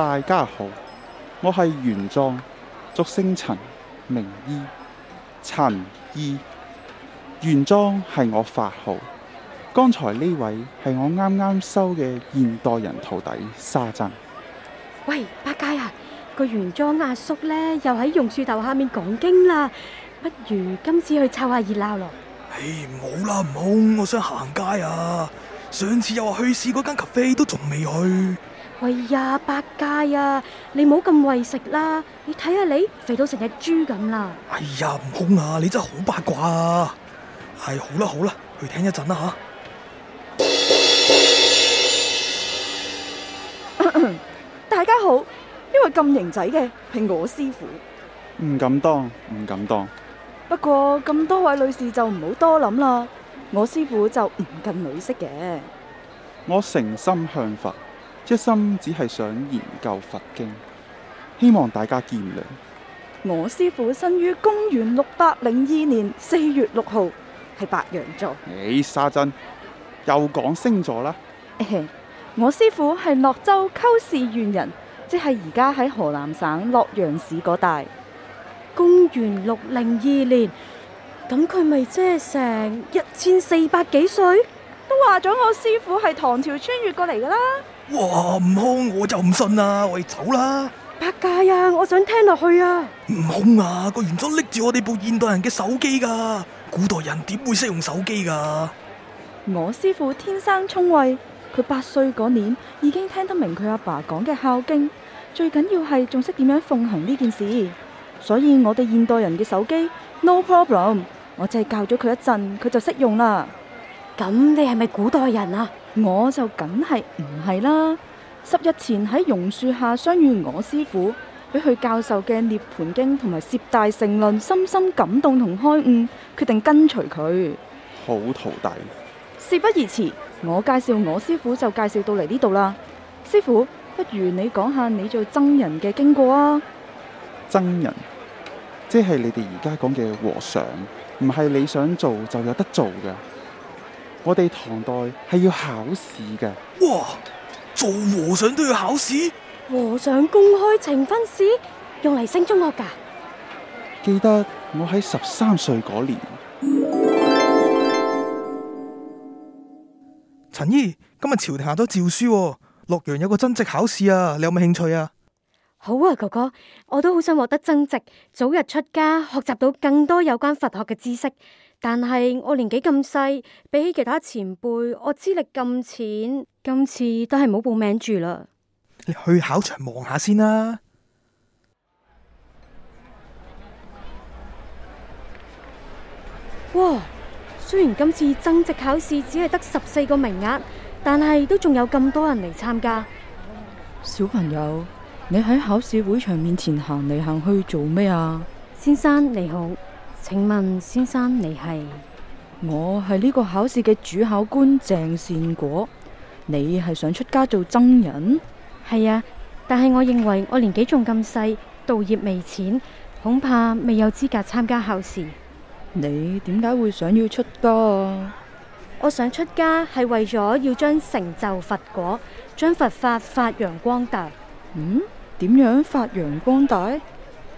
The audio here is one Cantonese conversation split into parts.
大家好，我係玄奘，俗姓陳，名依陳依，玄奘係我法號。剛才呢位係我啱啱收嘅現代人徒弟沙僧。喂，八戒啊，個玄奘阿叔呢又喺榕樹頭下面講經啦，不如今次去湊下熱鬧咯。唉，唔好啦，唔好，我想行街啊！上次又話去試嗰間 cafe 都仲未去。喂呀，八戒呀，你冇咁喂食啦！你睇下你肥到成隻豬咁啦！哎呀，悟空啊，你真係好八卦啊！係好啦好啦，去聽一陣啦吓。大家好，呢位咁型仔嘅係我師傅。唔敢當，唔敢當。不過咁多位女士就唔好多諗啦，我師傅就唔近女色嘅。我誠心向佛。一心只係想研究佛經，希望大家見諒。我師傅生於公元六百零二年四月六號，係白羊座。咦、欸，沙真又講星座啦，欸？我師傅係洛州缑氏縣人，即係而家喺河南省洛陽市嗰帶。公元六零二年，咁佢咪即係成一千四百幾歲？都話咗我師傅係唐朝穿越過嚟噶啦。哇！悟空，我就唔信啦，我哋走啦。八戒啊，我想聽落去啊。悟空啊，個玄奘拎住我哋部現代人嘅手機噶啊，古代人點會識用手機噶啊？我師父天生聰慧，佢八歲嗰年已經聽得明佢阿爸講嘅孝經，最緊要係仲識點樣奉行呢件事。所以我哋現代人嘅手機，no problem 我。我淨係教咗佢一陣，佢就識用啦。咁你係咪古代人啊？我就梗係唔係啦！十日前喺榕樹下相遇我師父，俾佢教授嘅《涅盤經》同埋《攝大乘論》，深深感動同開悟，決定跟隨佢。好徒弟。事不宜遲，我介紹我師傅就介紹到嚟呢度啦。師傅，不如你講下你做僧人嘅經過啊？僧人，即係你哋而家講嘅和尚，唔係你想做就有得做嘅。我哋唐代係要考試㗎，哇！做和尚都要考試？和尚公開情分試，用嚟升中學噶。記得我喺十三歲嗰年。陳姨，今日朝廷下咗詔書，洛陽有個增值考試啊！你有冇興趣啊？好啊，哥哥，我都好想獲得增值，早日出家，學習到更多有關佛學嘅知識。但係我年紀咁細，比起其他前輩，我資歷咁淺，今次都係冇報名住啦。你去考場望下先啦。哇！雖然今次增值考試只係得十四個名額，但係都仲有咁多人嚟參加。小朋友，你喺考試會場面前行嚟行去做咩啊？先生，你好。請問先生，你係？我係呢個考試嘅主考官鄭善果，你係想出家做僧人？係啊，但係我認為我年紀仲咁細，道業未淺，恐怕未有資格參加考試。你點解會想要出家啊？我想出家係為咗要將成就佛果，將佛法發揚光大。嗯？點樣發揚光大？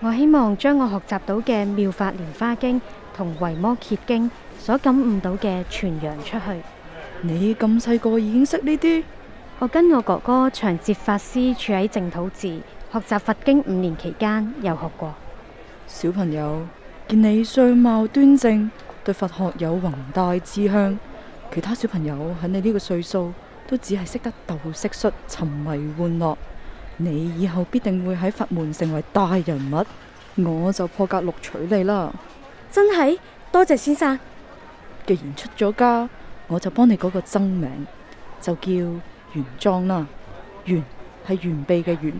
我希望將我學習到嘅《妙法蓮花經》同《維摩詰經》所感悟到嘅，傳揚出去。你咁細個已經識呢啲？我跟我哥哥長捷法師住喺淨土寺學習佛經五年期間，又學過。小朋友，見你相貌端正，對佛學有宏大志向，其他小朋友喺你呢個歲數都只係識得鬥蟋蟀、沉迷玩樂。你以後必定會喺佛門成為大人物，我就破格錄取你啦！真係？多謝先生。既然出咗家，我就幫你嗰個僧名，就叫玄奘啦。玄係玄秘嘅玄，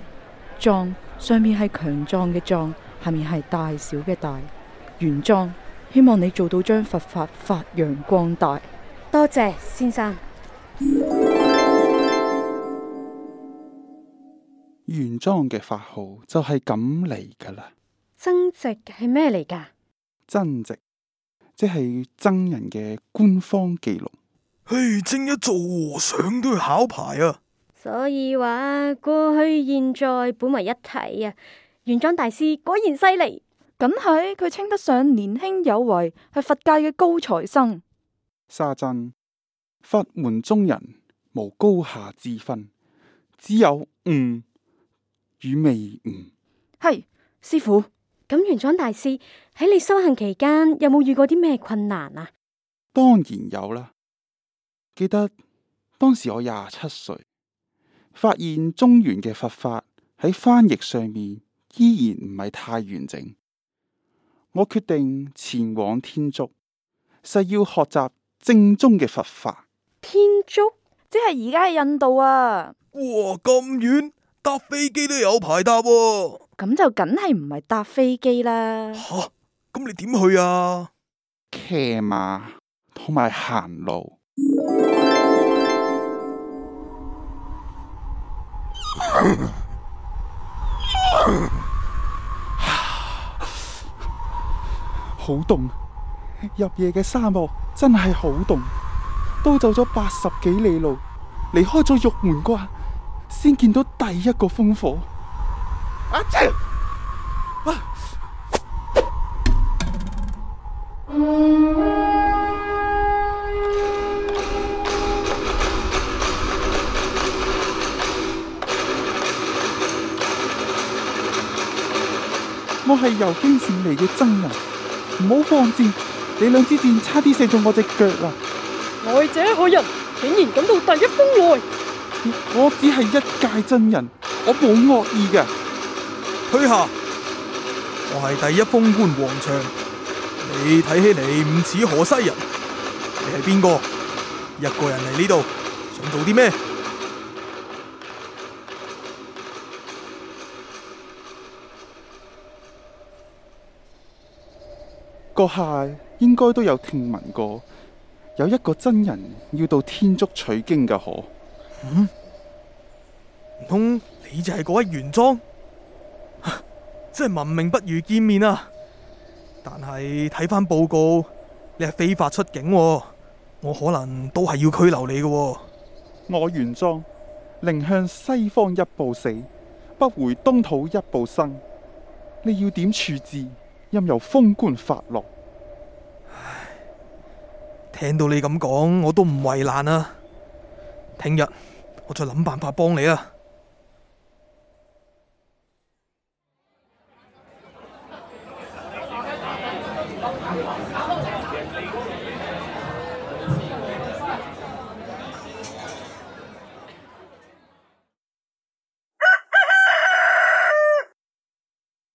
奘上面係強壯嘅壯，下面係大小嘅大。玄奘，希望你做到將佛法發揚光大。多謝先生。玄奘嘅法號就係咁嚟噶啦。增值係咩嚟噶？增值即係僧人嘅官方記錄。嘿，正一做和尚都要考牌啊！所以話過去現在本為一體啊。玄奘大師果然犀利，梗係佢稱得上年輕有為，係佛界嘅高材生。沙僧，佛門中人無高下之分，只有悟。嗯與未誤，係、hey，師傅，咁。玄奘大師喺你修行期間，有冇遇過啲咩困難啊？當然有啦。記得當時我廿七歲，發現中原嘅佛法喺翻譯上面依然唔係太完整。我決定前往天竺，誓要學習正宗嘅佛法。天竺即係而家嘅印度啊！哇、哦，咁遠！搭飛機都有排搭，咁就梗係唔係搭飛機啦。吓，咁你點去啊？騎馬同埋行路。好凍，入夜嘅沙漠真係好凍。都走咗八十幾里路，離開咗玉門關。先見到第一個烽火，阿姐、啊，啊、我係由京城嚟嘅僧人，唔好放箭，你兩支箭差啲射中我隻腳啦！來者何人？竟然敢到第一烽來？我只係一介真人，我冇惡意嘅。閣下，我係第一封官王祥，你睇起嚟唔似河西人，你係邊個？一個人嚟呢度，想做啲咩？閣下應該都有聽聞過，有一個真人要到天竺取經嘅喎。嗯，唔通你就係嗰位玄奘，即係聞名不如見面啊！但係睇翻報告，你係非法出境，啊，我可能都係要拘留你嘅，啊。我玄奘，寧向西方一步死，不回東土一步生。你要點處置？任由封官發落？唉，聽到你咁講，我都唔為難啊！聽日。我再諗辦法幫你啊！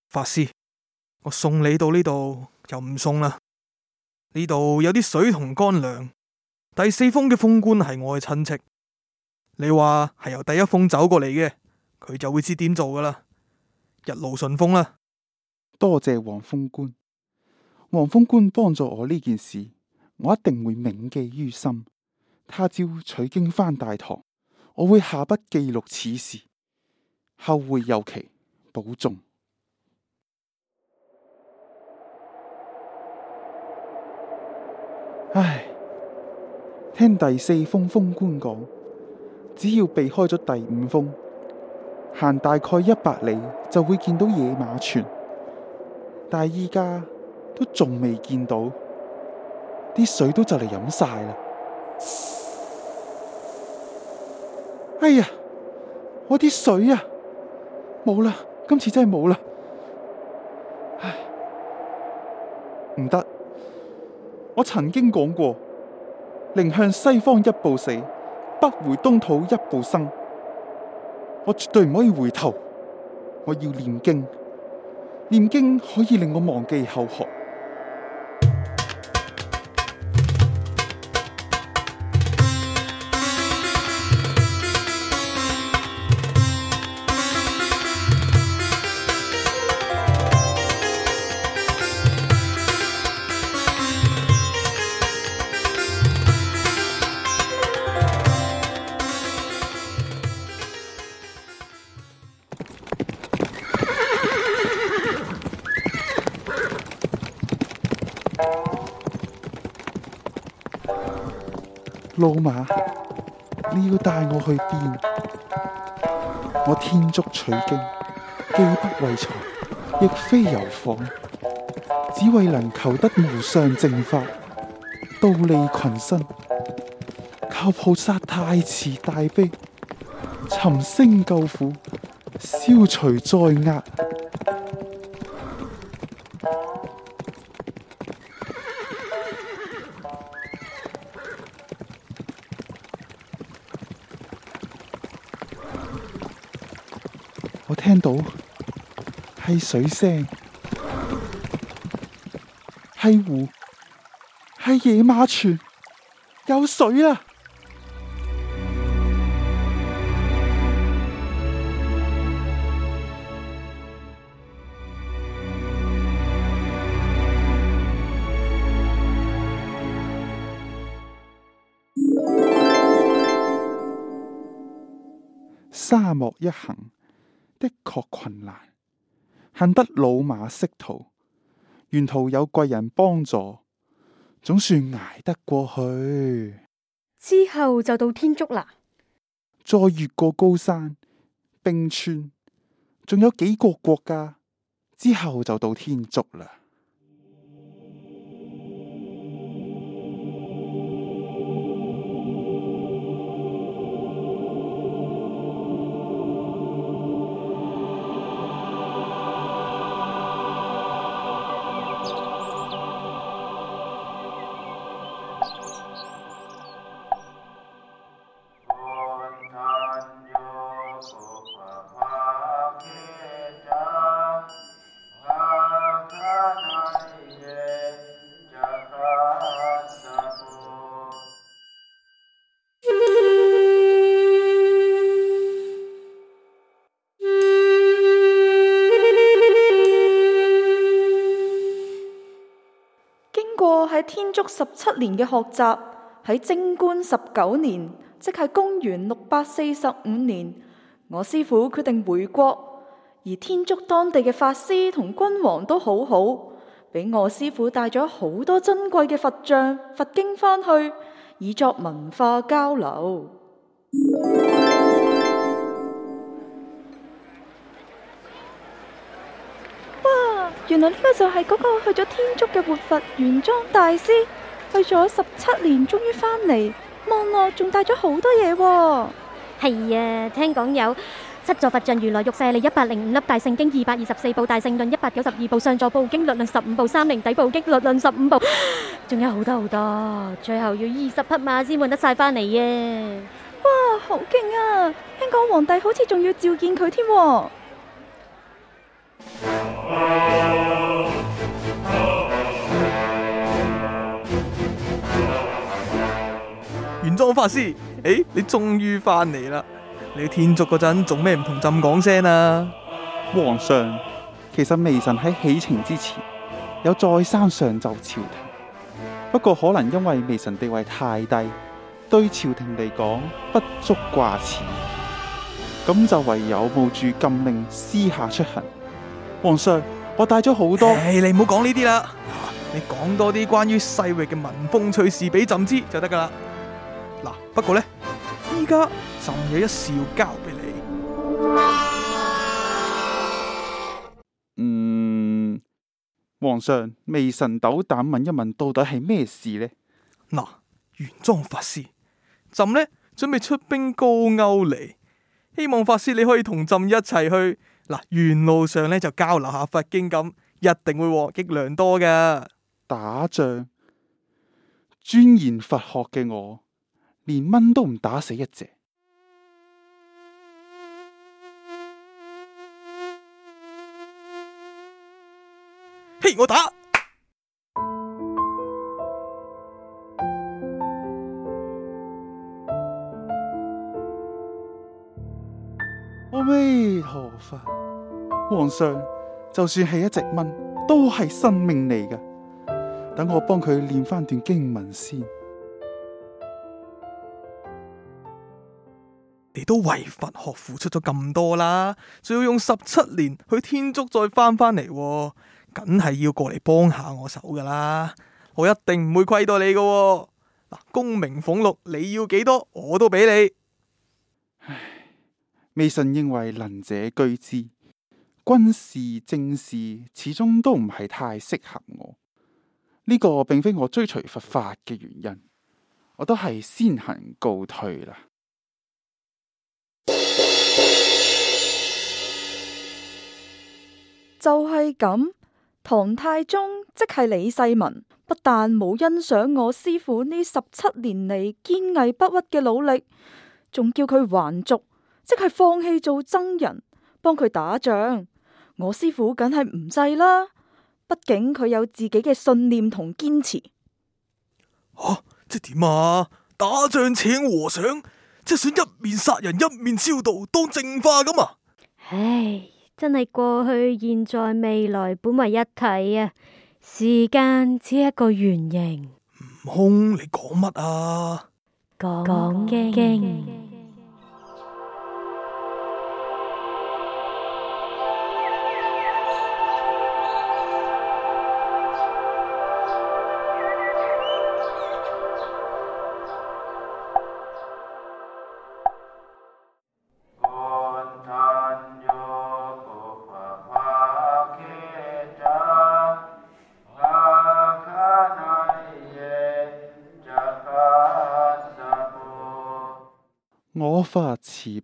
法師，我送你到呢度，就唔送啦。呢度有啲水同乾糧。第四封嘅封官係我嘅親戚。你話係由第一封走過嚟嘅，佢就會知點做噶啦。一路順風啦，多謝黃風官，黃風官幫助我呢件事，我一定會銘記於心。他朝取經翻大唐，我會下筆記錄此事。後會有期，保重。唉，聽第四封封官講。只要避開咗第五峰，行大概一百里就會見到野馬泉，但係依家都仲未見到，啲水都就嚟飲晒啦！哎呀，我啲水啊，冇啦！今次真係冇啦！唉，唔得！我曾經講過，寧向西方一步死。不回東土一步生，我絕對唔可以回頭。我要念經，念經可以令我忘記後學。老馬，你要帶我去邊？我天竺取經，既不為財，亦非遊訪，只為能求得無上正法，度利群生。靠菩薩太慈大悲，尋聲救苦，消除災厄。到，係水聲，係湖，係野馬泉，有水啦！沙漠一行。的確困難，幸得老馬識途，沿途有貴人幫助，總算捱得過去。之後就到天竺啦。再越過高山、冰川，仲有幾個國家，之後就到天竺啦。天竺十七年嘅學習，喺貞觀十九年，即係公元六百四十五年，我師父決定回國，而天竺當地嘅法師同君王都好好，俾我師父帶咗好多珍貴嘅佛像、佛經返去，以作文化交流。原來呢個就係嗰個去咗天竺嘅活佛玄奘大師，去咗十七年終於返嚟，望落仲帶咗好多嘢喎。係啊，聽講有七座佛像、如來玉舍利一百零五粒大聖經、二百二十四部大聖論、一百九十二部上座部經、律論十五部、三零底部經、律論十五部，仲有好多好多，最後要二十匹馬先換得晒返嚟啊！哇，好勁啊！聽講皇帝好似仲要召見佢添。玄奘法師，誒、哎，你終於翻嚟啦！你天竺嗰陣做咩唔同朕講聲啊？皇上，其實微臣喺起程之前有再三上奏朝廷，不過可能因為微臣地位太低，對朝廷嚟講不足掛齒，咁就唯有冒住禁令私下出行。皇上，Sir，我帶咗好多。唉、欸，你唔好講呢啲啦，你講多啲關於西域嘅民風趣事俾朕知就得噶啦。嗱、啊，不過呢，依家朕有一事要交俾你。嗯，皇上，微臣斗膽問一問，到底係咩事呢？嗱、啊，玄奘法師，朕呢準備出兵高歐嚟，希望法師你可以同朕一齊去。嗱，沿路上咧就交流下佛經咁，一定會獲益良多㗎。打仗鑽研佛學嘅我，連蚊都唔打死一隻。嘿，我打！皇上，就算係一隻蚊，都係生命嚟噶。等我幫佢念翻段經文先。你都為佛學付出咗咁多啦，仲要用十七年去天竺再翻翻嚟，梗係要過嚟幫下我手噶啦。我一定唔會虧待你噶。嗱，功名俸祿你要幾多，我都俾你。寒冷微臣認為能者居之，軍事政事始終都唔係太適合我。呢、呢個並非我追隨佛法嘅原因，我都係先行告退啦。就係咁，唐太宗即係李世民，不但冇欣賞我師傅呢十七年嚟堅毅不屈嘅努力，仲叫佢還俗。即係放棄做僧人，幫佢打仗。我師傅梗係唔制啦，畢竟佢有自己嘅信念同堅持。吓、啊，即係點啊？打仗請和尚，即係想一面殺人一面超度當淨化噶嘛？唉，真係過去、現在、未來本為一體啊！時間只係一個圓形。悟空，你講乜啊？講經京。講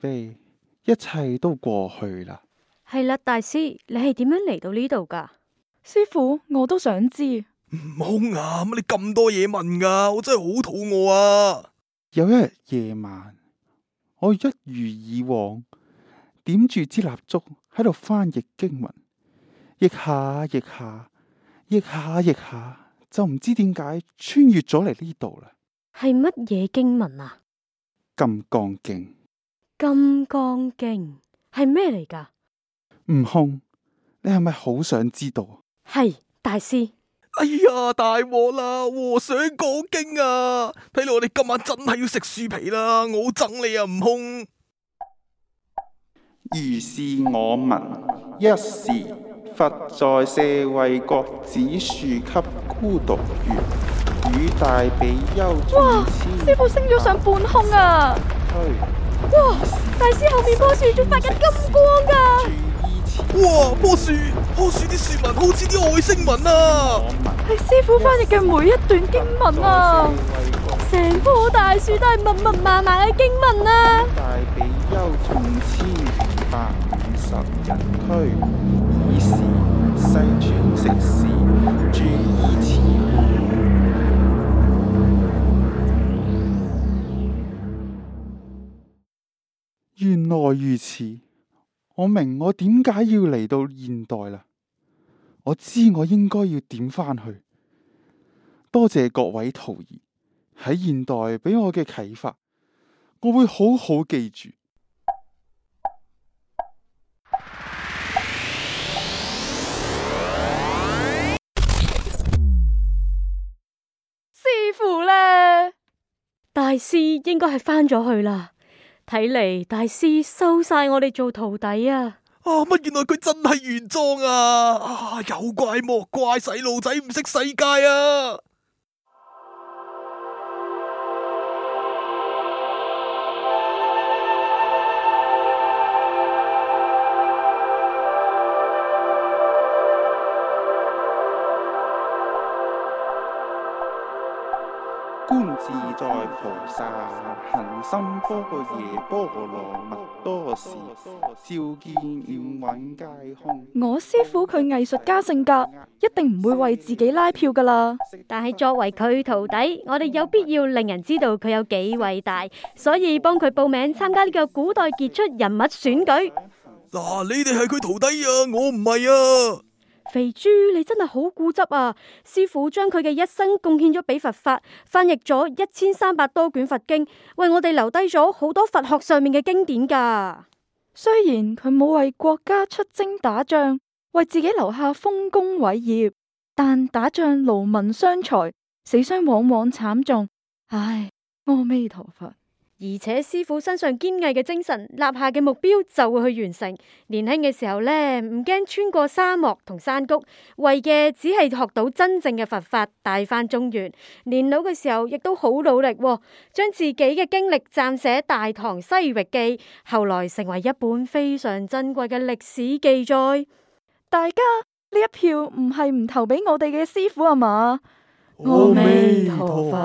一切都過去啦。係啦，大師，你係點樣嚟到呢度噶？師傅，我都想知。唔好啊，乜你咁多嘢問噶、啊？我真係好肚餓啊！有一日夜晚，我一如以往點住支蠟燭喺度翻譯經文，譯下譯下，譯下譯下，譯下譯下就唔知點解穿越咗嚟呢度啦。係乜嘢經文啊？《金剛經》。金剛經係咩嚟噶？悟空，你係咪好想知道啊？係，大師。哎呀，大禍啦！和尚講經啊，睇嚟，我哋今晚真係要食樹皮啦！我憎你啊，悟空。如是我聞，一時佛在舍衛國祇樹給孤獨園，與大比丘眾。哇！師傅升咗上半空啊！去。哇！大師後面棵樹仲發緊金光噶，啊！哇！棵樹棵樹啲樹紋好似啲外星文啊！係師傅翻譯嘅每一段經文啊！成棵大樹都係密密麻麻嘅經文啊！大比丘眾千二百五十人俱，爾時世尊食時，著衣。原來如此，我明我點解要嚟到現代啦，我知我應該要點翻去。多謝各位徒兒喺現代俾我嘅啟發，我會好好記住。師父咧，大師應該係翻咗去啦。睇嚟大師收晒我哋做徒弟啊！啊乜原來佢真係原裝啊！啊有怪莫怪細路仔唔識世界啊！在菩薩行深般若波羅蜜多時，照見五蘊皆空。我師傅佢藝術家性格，一定唔會為自己拉票噶啦。但係作為佢徒弟，我哋有必要令人知道佢有幾偉大，所以幫佢報名參加呢個古代傑出人物選舉。嗱，你哋係佢徒弟啊，我唔係啊。肥豬，你真係好固執啊！師傅將佢嘅一生貢獻咗俾佛法，翻譯咗一千三百多卷佛經，為我哋留低咗好多佛學上面嘅經典㗎。雖然佢冇為國家出征打仗，為自己留下豐功偉業，但打仗勞民傷財，死傷往往慘重。唉，阿彌陀佛。而且師父身上堅毅嘅精神，立下嘅目標就會去完成。年輕嘅時候咧，唔驚穿過沙漠同山谷，為嘅只係學到真正嘅佛法，帶翻中原。年老嘅時候亦都好努力，將自己嘅經歷撰寫《大唐西域記》，後來成為一本非常珍貴嘅歷史記載。大家呢一票唔係唔投俾我哋嘅師父啊嘛？阿彌陀佛。